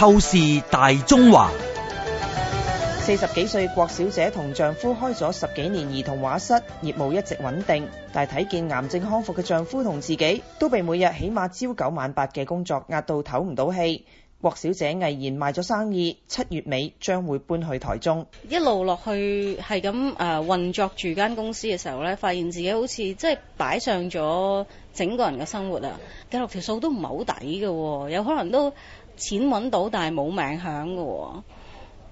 透視大中華。四十幾歲，郭小姐同丈夫開咗十幾年兒童畫室，業務一直穩定。但係睇見癌症康復嘅丈夫同自己，都被每日起碼朝九晚八嘅工作壓到唞唔到氣。郭小姐毅然賣咗生意，七月尾將會搬去台中。一路落去係咁誒運作住間公司嘅時候咧，發現自己好似即係擺上咗整個人嘅生活啊，計六條數都唔係好抵嘅，有可能都。錢揾到，但係冇命享嘅喎，哦，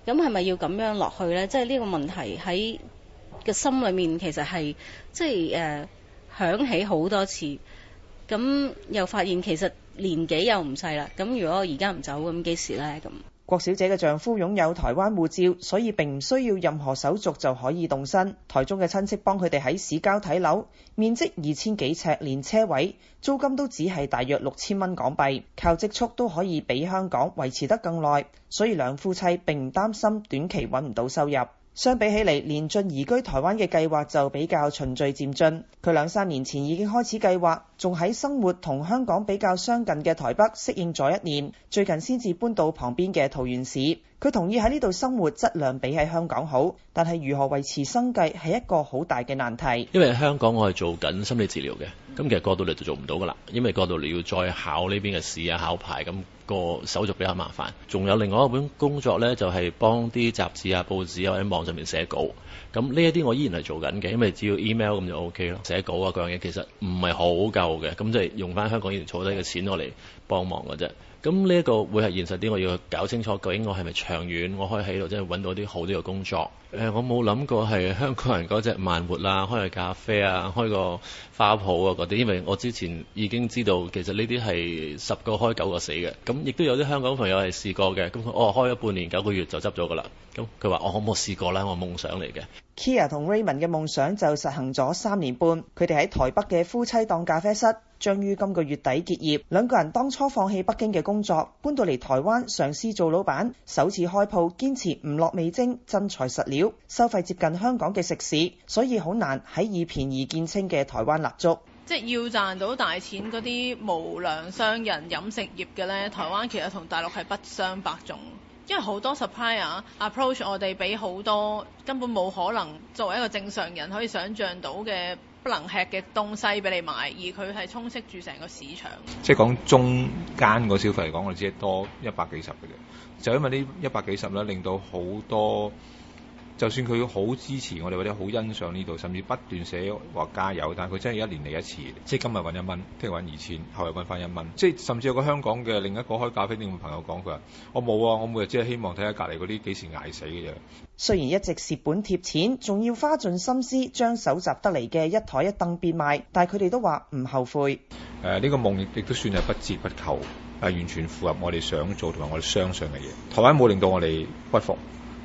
咁係咪要咁樣落去呢？即係呢個問題喺個心裏面，其實係即係誒、呃、響起好多次，咁又發現其實年紀又唔細啦。咁如果我而家唔走，咁幾時呢？咁？郭小姐嘅丈夫擁有台灣護照，所以並唔需要任何手續就可以動身。台中嘅親戚幫佢哋喺市郊睇樓，面積二千幾尺，連車位，租金都只係大約六千蚊港幣，靠積蓄都可以比香港維持得更耐，所以兩夫妻並唔擔心短期揾唔到收入。相比起嚟，連進移居台灣嘅計劃就比較循序漸進。佢兩三年前已經開始計劃，仲喺生活同香港比較相近嘅台北適應咗一年，最近先至搬到旁邊嘅桃園市。佢同意喺呢度生活質量比喺香港好，但係如何維持生計，係一個好大嘅難題。因為香港我係做緊心理治療嘅，咁其實過渡嚟就做唔到噶啦，因為過渡嚟要再考呢邊嘅試啊、考牌咁，個手續比較麻煩。仲有另外一本工作咧，就係幫啲雜誌啊、報紙啊喺網上面寫稿。咁呢一啲我依然係做緊嘅，因為只要 email 咁就 O K 咯，寫稿啊各樣嘢其實唔係好夠嘅，咁即係用翻香港以前儲低嘅錢我嚟幫忙嘅啫。咁呢一個會係現實啲，我要搞清楚究竟我係咪長遠，我可以喺度真係揾到啲好啲嘅工作。誒、呃，我冇諗過係香港人嗰隻慢活啦，開個咖啡啊，開個花圃啊嗰啲，因為我之前已經知道其實呢啲係十個開九個死嘅。咁亦都有啲香港朋友係試過嘅，咁佢、哦、開咗半年九個月就執咗噶啦。咁佢話：我可唔可以試過咧？我係夢想嚟嘅。Kia 同 Raymond 嘅夢想就實行咗三年半，佢哋喺台北嘅夫妻檔咖啡室將於今個月底結業。兩個人當初放棄北京嘅工作，搬到嚟台灣嘗試做老闆，首次開鋪堅持唔落味精，真材實料，收費接近香港嘅食肆，所以好難喺以便宜見稱嘅台灣立足。即係要賺到大錢嗰啲無良商人飲食業嘅咧，台灣其實同大陸係不相伯仲。因為好多 supplier approach 我哋，俾好多根本冇可能作為一個正常人可以想像到嘅不能吃嘅東西俾你買，而佢係充斥住成個市場。即係講中間個消費嚟講，我哋只係多一百幾十嘅啫。就因為呢一百幾十咧，令到好多。就算佢好支持我哋或者好欣賞呢度，甚至不斷寫話加油，但係佢真係一年嚟一次，即係今日揾一蚊，聽日揾二千，後日揾返一蚊。即係甚至有個香港嘅另一個開咖啡店嘅朋友講：佢話我冇啊，我每日只係希望睇下隔離嗰啲幾時捱死嘅咋。雖然一直蝕本貼錢，仲要花盡心思將搜集得嚟嘅一枱一凳變賣，但係佢哋都話唔後悔。誒、呃，呢、這個夢亦亦都算係不折不扣，係完全符合我哋想做同埋我哋相信嘅嘢。台灣冇令到我哋屈服。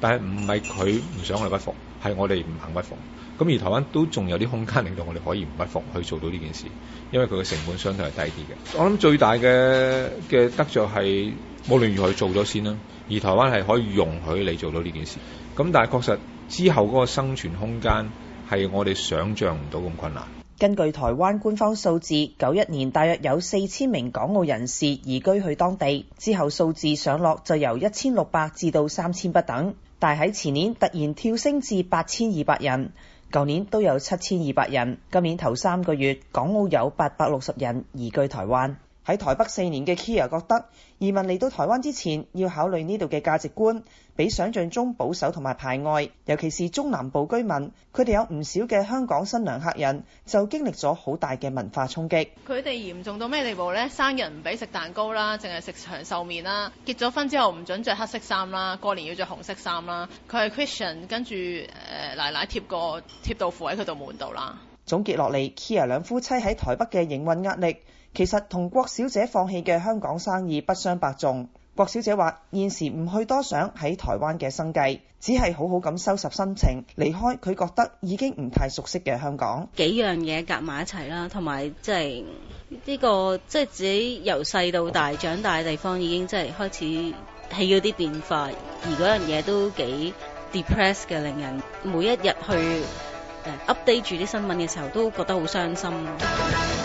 但係唔係佢唔想我哋屈服，係我哋唔肯屈服。咁而台灣都仲有啲空間，令到我哋可以唔屈服去做到呢件事，因為佢嘅成本相對係低啲嘅。我諗最大嘅嘅得著係，無論如何去做咗先啦。而台灣係可以容許你做到呢件事。咁但係確實之後嗰個生存空間係我哋想像唔到咁困難。根據台灣官方數字，九一年大約有四千名港澳人士移居去當地，之後數字上落就由一千六百至到三千不等。但喺前年突然跳升至八千二百人，舊年都有七千二百人，今年頭三個月，港澳有八百六十人移居台灣。喺台北四年嘅 Kia 覺得移民嚟到台灣之前要考慮呢度嘅價值觀，比想像中保守同埋排外，尤其是中南部居民，佢哋有唔少嘅香港新娘客人，就經歷咗好大嘅文化衝擊。佢哋嚴重到咩地步呢？生日唔俾食蛋糕啦，淨係食長壽麵啦；結咗婚之後唔準着黑色衫啦，過年要着紅色衫啦。佢係 Christian，跟住誒奶奶貼過貼道符喺佢度門度啦。總結落嚟，Kia 兩夫妻喺台北嘅營運壓力，其實同郭小姐放棄嘅香港生意不相伯仲。郭小姐話：現時唔去多想喺台灣嘅生計，只係好好咁收拾心情，離開佢覺得已經唔太熟悉嘅香港。幾樣嘢夾埋一齊啦，同埋即係呢個即係、就是、自己由細到大長大嘅地方，已經即係開始起咗啲變化，而嗰樣嘢都幾 depress 嘅，令人每一日去。誒，update 住啲新聞嘅時候，都覺得好傷心。